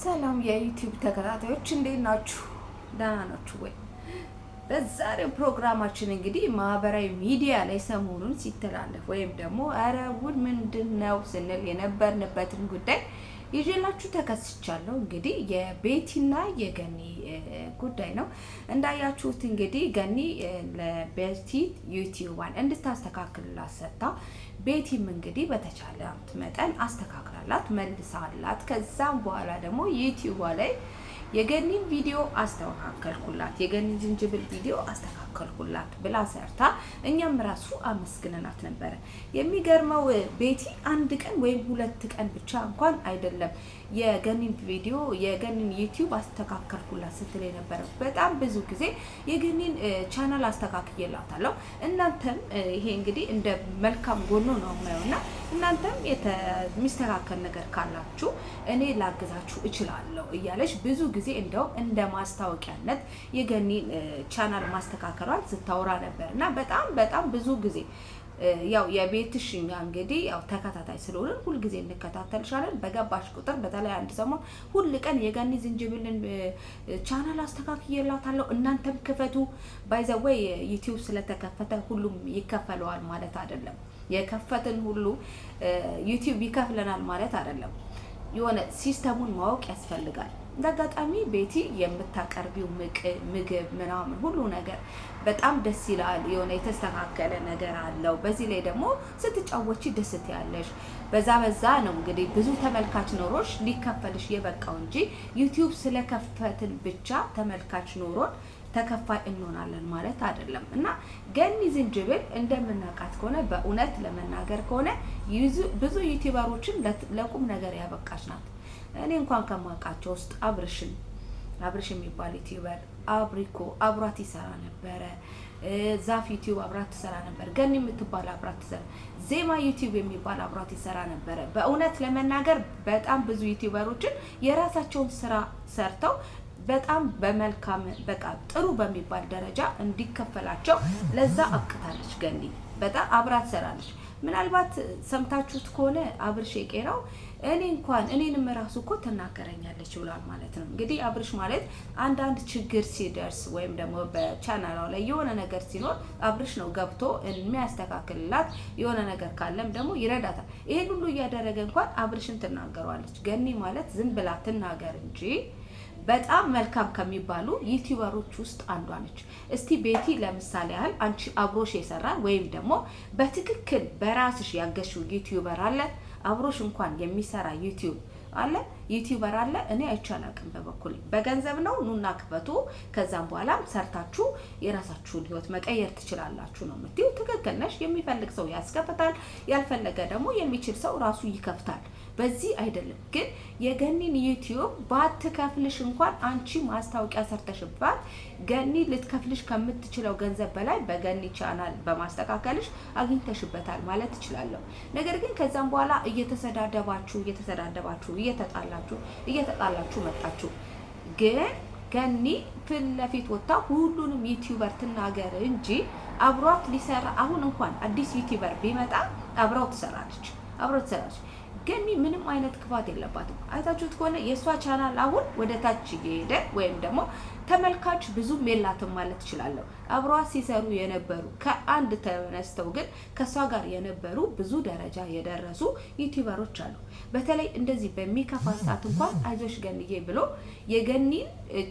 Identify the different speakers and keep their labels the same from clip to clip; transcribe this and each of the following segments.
Speaker 1: ሰላም የዩቲዩብ ተከታታዮች እንዴት ናችሁ? ደህና ናችሁ ወይ? በዛሬው ፕሮግራማችን እንግዲህ ማህበራዊ ሚዲያ ላይ ሰሞኑን ሲተላለፍ ወይም ደግሞ ኧረ ውድ ምንድን ነው ስንል የነበርንበትን ጉዳይ ይዤላችሁ ተከስቻለሁ። እንግዲህ የቤቲና የገኒ ጉዳይ ነው። እንዳያችሁት እንግዲህ ገኒ ለቤቲ ዩቲዩባን እንድታስተካክልላት ሰጥታ ቤቲም እንግዲህ በተቻላት መጠን አስተካክላላት መልሳላት። ከዛም በኋላ ደግሞ ዩቲዩባ ላይ የገኒን ቪዲዮ አስተካከልኩላት፣ የገኒ ዝንጅብል ቪዲዮ አስተካከል አማከልኩላት ብላ ሰርታ እኛም ራሱ አመስግነናት ነበረ። የሚገርመው ቤቲ አንድ ቀን ወይም ሁለት ቀን ብቻ እንኳን አይደለም የገኒን ቪዲዮ የገኒን ዩቲዩብ አስተካከልኩላት ስትል የነበረ በጣም ብዙ ጊዜ የገኒን ቻናል አስተካክዬላታለሁ። እናንተም ይሄ እንግዲህ እንደ መልካም ጎኖ ነው የማየውና እናንተም የሚስተካከል ነገር ካላችሁ እኔ ላግዛችሁ እችላለሁ እያለች ብዙ ጊዜ እንደውም እንደ ማስታወቂያነት የገኒን ቻናል ማስተካከል ያከራከሯት ስታወራ ነበር እና በጣም በጣም ብዙ ጊዜ ያው የቤትሽ እኛ እንግዲህ ያው ተከታታይ ስለሆንን ሁልጊዜ እንከታተልሻለን። በገባሽ ቁጥር በተለይ አንድ ሰሞን ሁል ቀን የገኒ ዝንጅብልን ቻናል አስተካክዬላታለሁ እናንተም ክፈቱ። ወይ ዩቲዩብ ስለተከፈተ ሁሉም ይከፈለዋል ማለት አይደለም። የከፈትን ሁሉ ዩቲዩብ ይከፍለናል ማለት አይደለም። የሆነ ሲስተሙን ማወቅ ያስፈልጋል። እንደ አጋጣሚ ቤቲ የምታቀርቢው ምግብ ምናምን ሁሉ ነገር በጣም ደስ ይላል። የሆነ የተስተካከለ ነገር አለው። በዚህ ላይ ደግሞ ስትጫወቺ ደስት ያለሽ በዛ በዛ ነው እንግዲህ ብዙ ተመልካች ኖሮሽ ሊከፈልሽ የበቃው እንጂ ዩቲዩብ ስለከፈትን ብቻ ተመልካች ኖሮን ተከፋይ እንሆናለን ማለት አይደለም። እና ገኒ ዝንጅብል እንደምናውቃት ከሆነ በእውነት ለመናገር ከሆነ ብዙ ዩቲዩበሮችን ለቁም ነገር ያበቃች ናት። እኔ እንኳን ከማውቃቸው ውስጥ አብርሽን አብርሽ የሚባል ዩቲዩበር አብሪኮ አብራት ይሰራ ነበረ። ዛፍ ዩቲዩብ አብራት ትሰራ ነበር። ገን የምትባል አብራት ትሰራ፣ ዜማ ዩቲዩብ የሚባል አብራት ይሰራ ነበረ። በእውነት ለመናገር በጣም ብዙ ዩቲዩበሮችን የራሳቸውን ስራ ሰርተው በጣም በመልካም በቃ ጥሩ በሚባል ደረጃ እንዲከፈላቸው ለዛ አብቅታለች። ገኒ በጣም አብራት ትሰራለች። ምናልባት ሰምታችሁት ከሆነ አብርሽ የቄራው እኔ እንኳን እኔንም ራሱ እኮ ትናገረኛለች ብሏል ማለት ነው። እንግዲህ አብርሽ ማለት አንዳንድ ችግር ሲደርስ ወይም ደግሞ በቻናሏ ላይ የሆነ ነገር ሲኖር አብርሽ ነው ገብቶ የሚያስተካክልላት የሆነ ነገር ካለም ደግሞ ይረዳታል። ይሄን ሁሉ እያደረገ እንኳን አብርሽን ትናገሯለች። ገኒ ማለት ዝም ብላ ትናገር እንጂ በጣም መልካም ከሚባሉ ዩቲዩበሮች ውስጥ አንዷ ነች። እስቲ ቤቲ ለምሳሌ ያህል አንቺ አብሮሽ የሰራ ወይም ደግሞ በትክክል በራስሽ ያገሽው ዩቲዩበር አለ አብሮሽ እንኳን የሚሰራ ዩቲዩብ አለ ዩቲዩበር አለ። እኔ አይቼ አላውቅም በበኩል በገንዘብ ነው ኑና ክፈቱ፣ ከዛም በኋላም ሰርታችሁ የራሳችሁን ህይወት መቀየር ትችላላችሁ ነው የምትይው። ትክክል ነሽ። የሚፈልግ ሰው ያስከፍታል፣ ያልፈለገ ደግሞ የሚችል ሰው ራሱ ይከፍታል። በዚህ አይደለም ግን የገኒን ዩቲዩብ ባትከፍልሽ እንኳን አንቺ ማስታወቂያ ሰርተሽባት ገኒ ልትከፍልሽ ከምትችለው ገንዘብ በላይ በገኒ ቻናል በማስተካከልሽ አግኝተሽበታል ማለት እችላለሁ። ነገር ግን ከዛም በኋላ እየተሰዳደባችሁ እየተሰዳደባችሁ እየተጣላችሁ እየተጣላችሁ መጣችሁ ግን ገኒ ፊት ለፊት ወጥታ ሁሉንም ዩቲዩበር ትናገር እንጂ አብሯት ሊሰራ አሁን እንኳን አዲስ ዩቲዩበር ቢመጣ አብረው ትሰራለች አብረው ትሰራለች። ገኒ ምንም አይነት ክፋት የለባትም። አይታችሁት ከሆነ የእሷ ቻናል አሁን ወደ ታች እየሄደ ወይም ደግሞ ተመልካች ብዙም የላትም ማለት ትችላለሁ። አብሯ ሲሰሩ የነበሩ ከአንድ ተነስተው ግን ከእሷ ጋር የነበሩ ብዙ ደረጃ የደረሱ ዩቲዩበሮች አሉ። በተለይ እንደዚህ በሚከፋ ሰዓት እንኳን አይዞሽ ገንዬ ብሎ የገኒን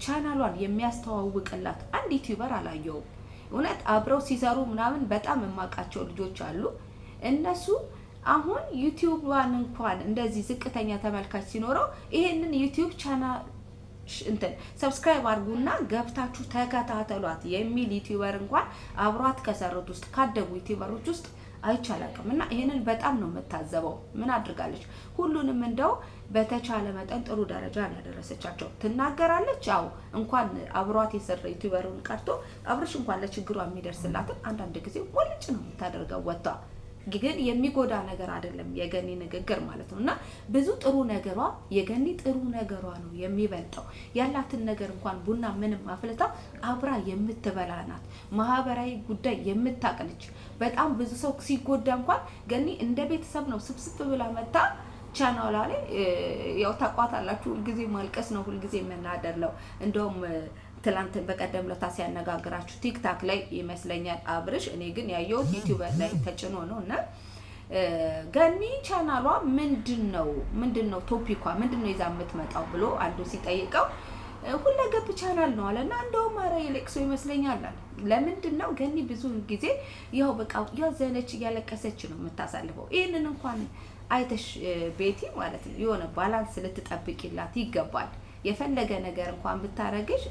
Speaker 1: ቻናሏን የሚያስተዋውቅላት አንድ ዩቲዩበር አላየውም። እውነት አብረው ሲሰሩ ምናምን በጣም የማውቃቸው ልጆች አሉ እነሱ አሁን ዩቲዩብዋን እንኳን እንደዚህ ዝቅተኛ ተመልካች ሲኖረው ይሄንን ዩቲዩብ ቻናል እንትን ሰብስክራይብ አድርጉና ገብታችሁ ተከታተሏት የሚል ዩቲዩበር እንኳን አብሯት ከሰሩት ውስጥ ካደጉ ዩቲዩበሮች ውስጥ አይቻላቅም እና ይሄንን በጣም ነው የምታዘበው። ምን አድርጋለች? ሁሉንም እንደው በተቻለ መጠን ጥሩ ደረጃ ያደረሰቻቸው። ትናገራለች። ያው እንኳን አብሯት የሰራ ዩቲዩበሩን ቀርቶ አብርሽ እንኳን ለችግሯ የሚደርስላትን አንዳንድ ጊዜ ወልጭ ነው የምታደርገው ወጥቷ ግን የሚጎዳ ነገር አይደለም የገኒ ንግግር ማለት ነው። እና ብዙ ጥሩ ነገሯ የገኒ ጥሩ ነገሯ ነው የሚበልጠው። ያላትን ነገር እንኳን ቡና ምንም አፍልታ አብራ የምትበላ ናት። ማህበራዊ ጉዳይ የምታቅልች በጣም ብዙ ሰው ሲጎዳ እንኳን ገኒ እንደ ቤተሰብ ነው ስብስብ ብላ መታ ቻናው ላይ ያው ታቋታላችሁ። ሁልጊዜ ማልቀስ ነው፣ ሁልጊዜ መናደር ነው። እንደውም ትላንት በቀደም ለታ ሲያነጋግራችሁ ቲክታክ ላይ ይመስለኛል አብርሽ። እኔ ግን ያየሁት ዩቲዩበር ላይ ተጭኖ ነው እና ገኒ ቻናሏ ምንድን ነው ምንድን ነው ቶፒኳ ምንድን ነው ይዛ የምትመጣው ብሎ አንዱ ሲጠይቀው ሁለገብ ቻናል ነው አለ እና እንደውም ኧረ የለቅሶ ይመስለኛል አለ። ለምንድን ነው ገኒ ብዙ ጊዜ ያው በቃ ያዘነች እያለቀሰች ነው የምታሳልፈው። ይህንን እንኳን አይተሽ ቤቲ ማለት ነው የሆነ ባላንስ ልትጠብቂላት ይገባል። የፈለገ ነገር እንኳን ብታረግሽ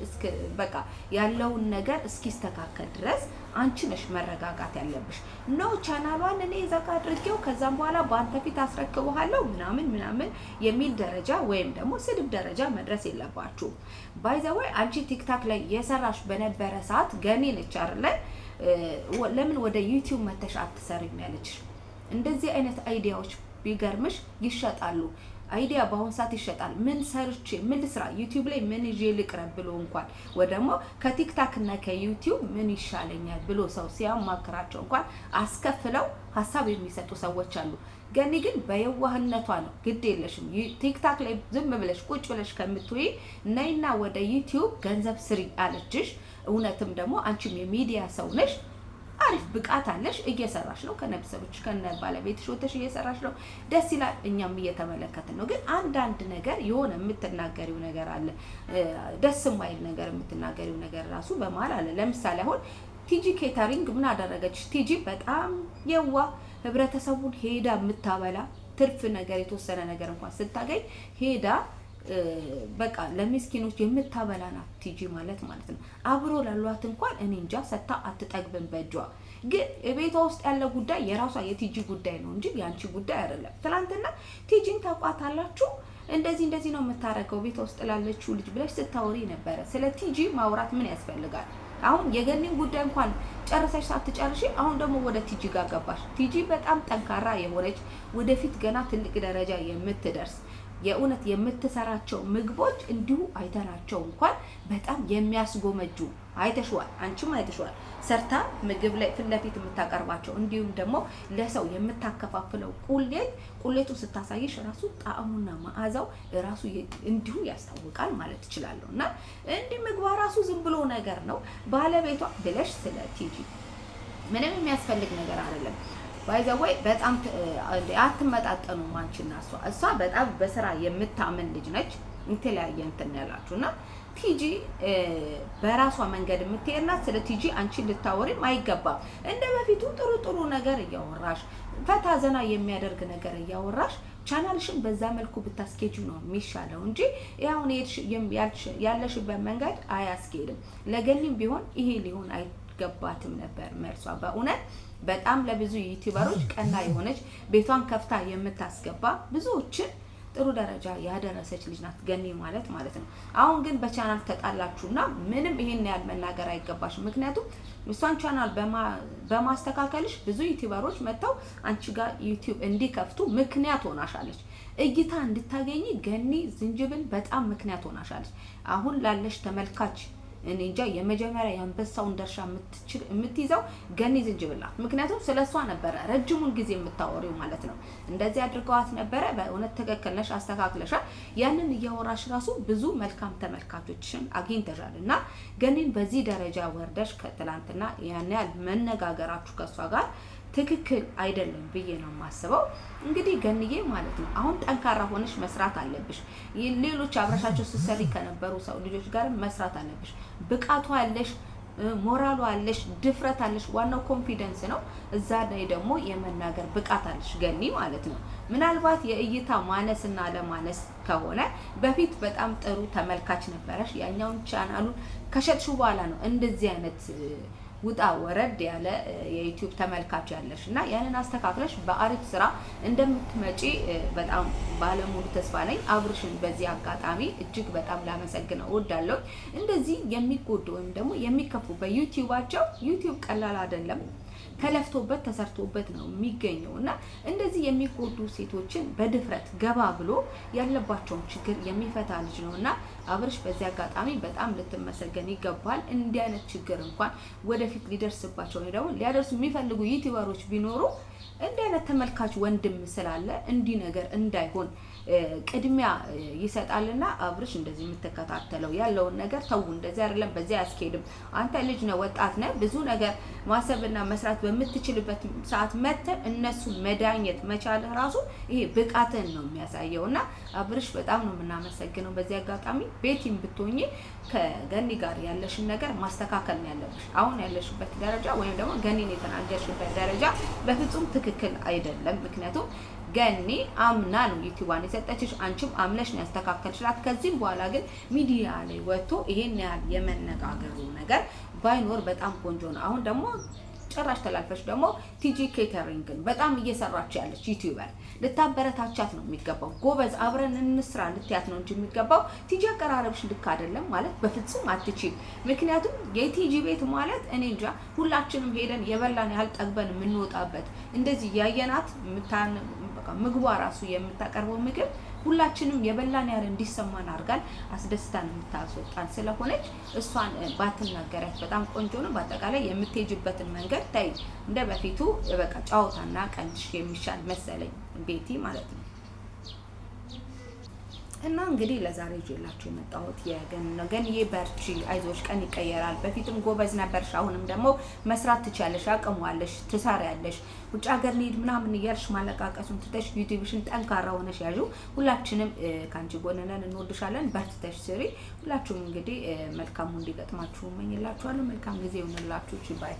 Speaker 1: በቃ ያለውን ነገር እስኪስተካከል ድረስ አንቺ ነሽ መረጋጋት ያለብሽ። ኖ ቻናሏን እኔ ዘጋ አድርጌው ከዛም በኋላ በአንተ ፊት አስረክበሃለሁ ምናምን ምናምን የሚል ደረጃ ወይም ደግሞ ስድብ ደረጃ መድረስ የለባችሁም። ወይ አንቺ ቲክታክ ላይ የሰራሽ በነበረ ሰዓት ገኔ ነች አይደለ? ለምን ወደ ዩቲዩብ መተሽ አትሰሪም ያለችሽ። እንደዚህ አይነት አይዲያዎች ቢገርምሽ ይሸጣሉ። አይዲያ በአሁኑ ሰዓት ይሸጣል። ምን ሰርቼ ምን ልስራ፣ ዩቲዩብ ላይ ምን ይዤ ልቅረብ ብሎ እንኳን ወይ ደግሞ ከቲክታክ እና ከዩቲዩብ ምን ይሻለኛል ብሎ ሰው ሲያማክራቸው እንኳን አስከፍለው ሀሳብ የሚሰጡ ሰዎች አሉ። ገኒ ግን በየዋህነቷ ነው። ግድ የለሽም ቲክታክ ላይ ዝም ብለሽ ቁጭ ብለሽ ከምትውይ ነይና ወደ ዩቲዩብ ገንዘብ ስሪ አለችሽ። እውነትም ደግሞ አንቺም የሚዲያ ሰው ነሽ። አሪፍ ብቃት አለሽ፣ እየሰራሽ ነው፣ ከነብሰቦች ከነ ባለቤትሽ ወተሽ እየሰራሽ ነው። ደስ ይላል። እኛም እየተመለከትን ነው። ግን አንዳንድ ነገር የሆነ የምትናገሪው ነገር አለ፣ ደስ የማይል ነገር የምትናገሪው ነገር ራሱ በመሀል አለ። ለምሳሌ አሁን ቲጂ ኬተሪንግ ምን አደረገች? ቲጂ በጣም የዋ ህብረተሰቡን ሄዳ የምታበላ ትርፍ ነገር የተወሰነ ነገር እንኳን ስታገኝ ሄዳ በቃ ለምስኪኖች የምታበላናት ቲጂ ማለት ማለት ነው። አብሮ ላሏት እንኳን እኔ እንጃ ሰታ አትጠግብም በእጇ ግን ቤቷ ውስጥ ያለ ጉዳይ የራሷ የቲጂ ጉዳይ ነው እንጂ የአንቺ ጉዳይ አይደለም። ትናንትና ቲጂን ታውቋታላችሁ እንደዚህ እንደዚህ ነው የምታደርገው ቤቷ ውስጥ ላለችው ልጅ ብለሽ ስታወሪ ነበረ። ስለ ቲጂ ማውራት ምን ያስፈልጋል? አሁን የገኒን ጉዳይ እንኳን ጨርሰሽ ሳትጨርሺ አሁን ደግሞ ወደ ቲጂ ጋር ገባሽ። ቲጂ በጣም ጠንካራ የሆነች ወደፊት ገና ትልቅ ደረጃ የምትደርስ የእውነት የምትሰራቸው ምግቦች እንዲሁ አይተናቸው እንኳን በጣም የሚያስጎመጁ አይተሽዋል፣ አንቺም አይተሽዋል። ሰርታ ምግብ ላይ ፊት ለፊት የምታቀርባቸው እንዲሁም ደግሞ ለሰው የምታከፋፍለው ቁሌት ቁሌቱ ስታሳይሽ ራሱ ጣዕሙና መዓዛው ራሱ እንዲሁ ያስታውቃል ማለት እችላለሁ። እና እንዲህ ምግቧ ራሱ ዝም ብሎ ነገር ነው ባለቤቷ ብለሽ ስለ ቲጂ ምንም የሚያስፈልግ ነገር አይደለም። ባይ ዘ ወይ በጣም አትመጣጠኑም አንቺና እሷ። እሷ በጣም በስራ የምታምን ልጅ ነች። የተለያየ እንትን ያላችሁ እና ቲጂ በራሷ መንገድ የምትሄድና ስለ ቲጂ አንቺ ልታወሪም አይገባም። እንደ በፊቱ ጥሩ ጥሩ ነገር እያወራሽ ፈታ ዘና የሚያደርግ ነገር እያወራሽ ቻናልሽን በዛ መልኩ ብታስኬጁ ነው የሚሻለው እንጂ ያሁን ያለሽበት መንገድ አያስኬድም። ለገሊም ቢሆን ይሄ ሊሆን አይ አይገባትም ነበር መልሷ። በእውነት በጣም ለብዙ ዩቲዩበሮች ቀና የሆነች ቤቷን ከፍታ የምታስገባ ብዙዎችን ጥሩ ደረጃ ያደረሰች ልጅ ናት ገኒ ማለት ማለት ነው። አሁን ግን በቻናል ተጣላችሁና ምንም ይሄን ያህል መናገር አይገባሽ። ምክንያቱም እሷን ቻናል በማስተካከልሽ ብዙ ዩቲዩበሮች መጥተው አንቺ ጋር ዩቲዩብ እንዲከፍቱ ምክንያት ሆናሻለች። እይታ እንድታገኝ ገኒ ዝንጅብል በጣም ምክንያት ሆናሻለች። አሁን ላለሽ ተመልካች እኔ እንጃ የመጀመሪያ የአንበሳውን ድርሻ የምትችል የምትይዘው ገኒ ዝንጅብል ናት። ምክንያቱም ስለ እሷ ነበረ ረጅሙን ጊዜ የምታወሪው ማለት ነው። እንደዚህ አድርገዋት ነበረ። በእውነት ትክክል ነሽ፣ አስተካክለሻል። ያንን እያወራሽ ራሱ ብዙ መልካም ተመልካቾችን አግኝተሻል። እና ገኒን በዚህ ደረጃ ወርደሽ ከትላንትና ያን ያህል መነጋገራችሁ ከእሷ ጋር ትክክል አይደለም ብዬ ነው የማስበው። እንግዲህ ገንዬ ማለት ነው አሁን ጠንካራ ሆነሽ መስራት አለብሽ። ሌሎች አብረሻቸው ስትሰሪ ከነበሩ ሰው ልጆች ጋር መስራት አለብሽ። ብቃቱ አለሽ፣ ሞራሉ አለሽ፣ ድፍረት አለሽ። ዋናው ኮንፊደንስ ነው። እዛ ላይ ደግሞ የመናገር ብቃት አለሽ ገኒ ማለት ነው። ምናልባት የእይታ ማነስ እና ለማነስ ከሆነ በፊት በጣም ጥሩ ተመልካች ነበረሽ። ያኛውን ቻናሉን ከሸጥሹ በኋላ ነው እንደዚህ አይነት ውጣ ወረድ ያለ የዩቲዩብ ተመልካች ያለሽ እና ያንን አስተካክለሽ በአሪፍ ስራ እንደምትመጪ በጣም ባለሙሉ ተስፋ ነኝ። አብርሽን በዚህ አጋጣሚ እጅግ በጣም ላመሰግነው እወዳለሁ። እንደዚህ የሚጎዱ ወይም ደግሞ የሚከፉ በዩቲዩባቸው ዩቲዩብ ቀላል አይደለም። ተለፍቶበት ተሰርቶበት ነው የሚገኘው እና እንደዚህ የሚጎዱ ሴቶችን በድፍረት ገባ ብሎ ያለባቸውን ችግር የሚፈታ ልጅ ነው እና አብርሽ በዚህ አጋጣሚ በጣም ልትመሰገን ይገባል። እንዲህ አይነት ችግር እንኳን ወደፊት ሊደርስባቸው ወይ ደግሞ ሊያደርሱ የሚፈልጉ ዩቲበሮች ቢኖሩ እንዲህ አይነት ተመልካች ወንድም ስላለ እንዲህ ነገር እንዳይሆን ቅድሚያ ይሰጣልና አብርሽ እንደዚህ የምትከታተለው ያለውን ነገር ተው፣ እንደዚህ አይደለም፣ በዚህ አያስኬድም። አንተ ልጅ ነህ፣ ወጣት ነህ፣ ብዙ ነገር ማሰብና መስራት በምትችልበት ሰዓት መተ እነሱ መዳኘት መቻልህ ራሱ ይሄ ብቃትን ነው የሚያሳየው። እና አብርሽ በጣም ነው የምናመሰግነው። በዚህ አጋጣሚ ቤቲም ብትሆኝ ከገኒ ጋር ያለሽን ነገር ማስተካከል ነው ያለብሽ። አሁን ያለሽበት ደረጃ ወይም ደግሞ ገኒን የተናገርሽበት ደረጃ በፍጹም ትክክል አይደለም። ምክንያቱም ገኒ አምና ነው ዩቲዩባን የሰጠችሽ፣ አንቺም አምነሽ ነው ያስተካከልሽላት። ከዚህም በኋላ ግን ሚዲያ ላይ ወጥቶ ይሄን ያህል የመነጋገሩ ነገር ባይኖር በጣም ቆንጆ ነው። አሁን ደግሞ ጭራሽ ተላልፈች ደግሞ ቲጂ ኬተሪንግን በጣም እየሰራች ያለች ዩቲዩበር ልታበረታቻት ነው የሚገባው። ጎበዝ አብረን እንስራ ልትያት ነው እንጂ የሚገባው ቲጂ አቀራረብሽ ልክ አይደለም ማለት በፍጹም አትችል። ምክንያቱም የቲጂ ቤት ማለት እኔ እንጃ ሁላችንም ሄደን የበላን ያህል ጠግበን የምንወጣበት እንደዚህ ያየናት ምግቧ ራሱ የምታቀርበው ምግብ ሁላችንም የበላን ያህል እንዲሰማን አድርጋል አስደስታን የምታስወጣን ስለሆነች እሷን ባትናገሪያት በጣም ቆንጆ ነው። በአጠቃላይ የምትሄጅበትን መንገድ ታይ። እንደ በፊቱ በቃ ጨዋታና ቀልድሽ የሚሻል መሰለኝ ቤቲ ማለት ነው። እና እንግዲህ ለዛሬ ይዤላችሁ የመጣሁት የገን ነው። ገንዬ በርቺ፣ አይዞሽ፣ ቀን ይቀየራል። በፊትም ጎበዝ ነበርሽ፣ አሁንም ደግሞ መስራት ትችያለሽ፣ አቅሟለሽ፣ ትሰሪያለሽ። ውጭ ሀገር ልሂድ ምናምን እያልሽ ማለቃቀሱን ትተሽ ዩቲዩብሽን ጠንካራ ሆነሽ ያዥው። ሁላችንም ከአንቺ ጎን ነን፣ እንወድሻለን። በርትተሽ ስሪ። ሁላችሁም እንግዲህ መልካሙ እንዲገጥማችሁ እመኝላችኋለሁ። መልካም ጊዜ ይሆንላችሁ። ባይ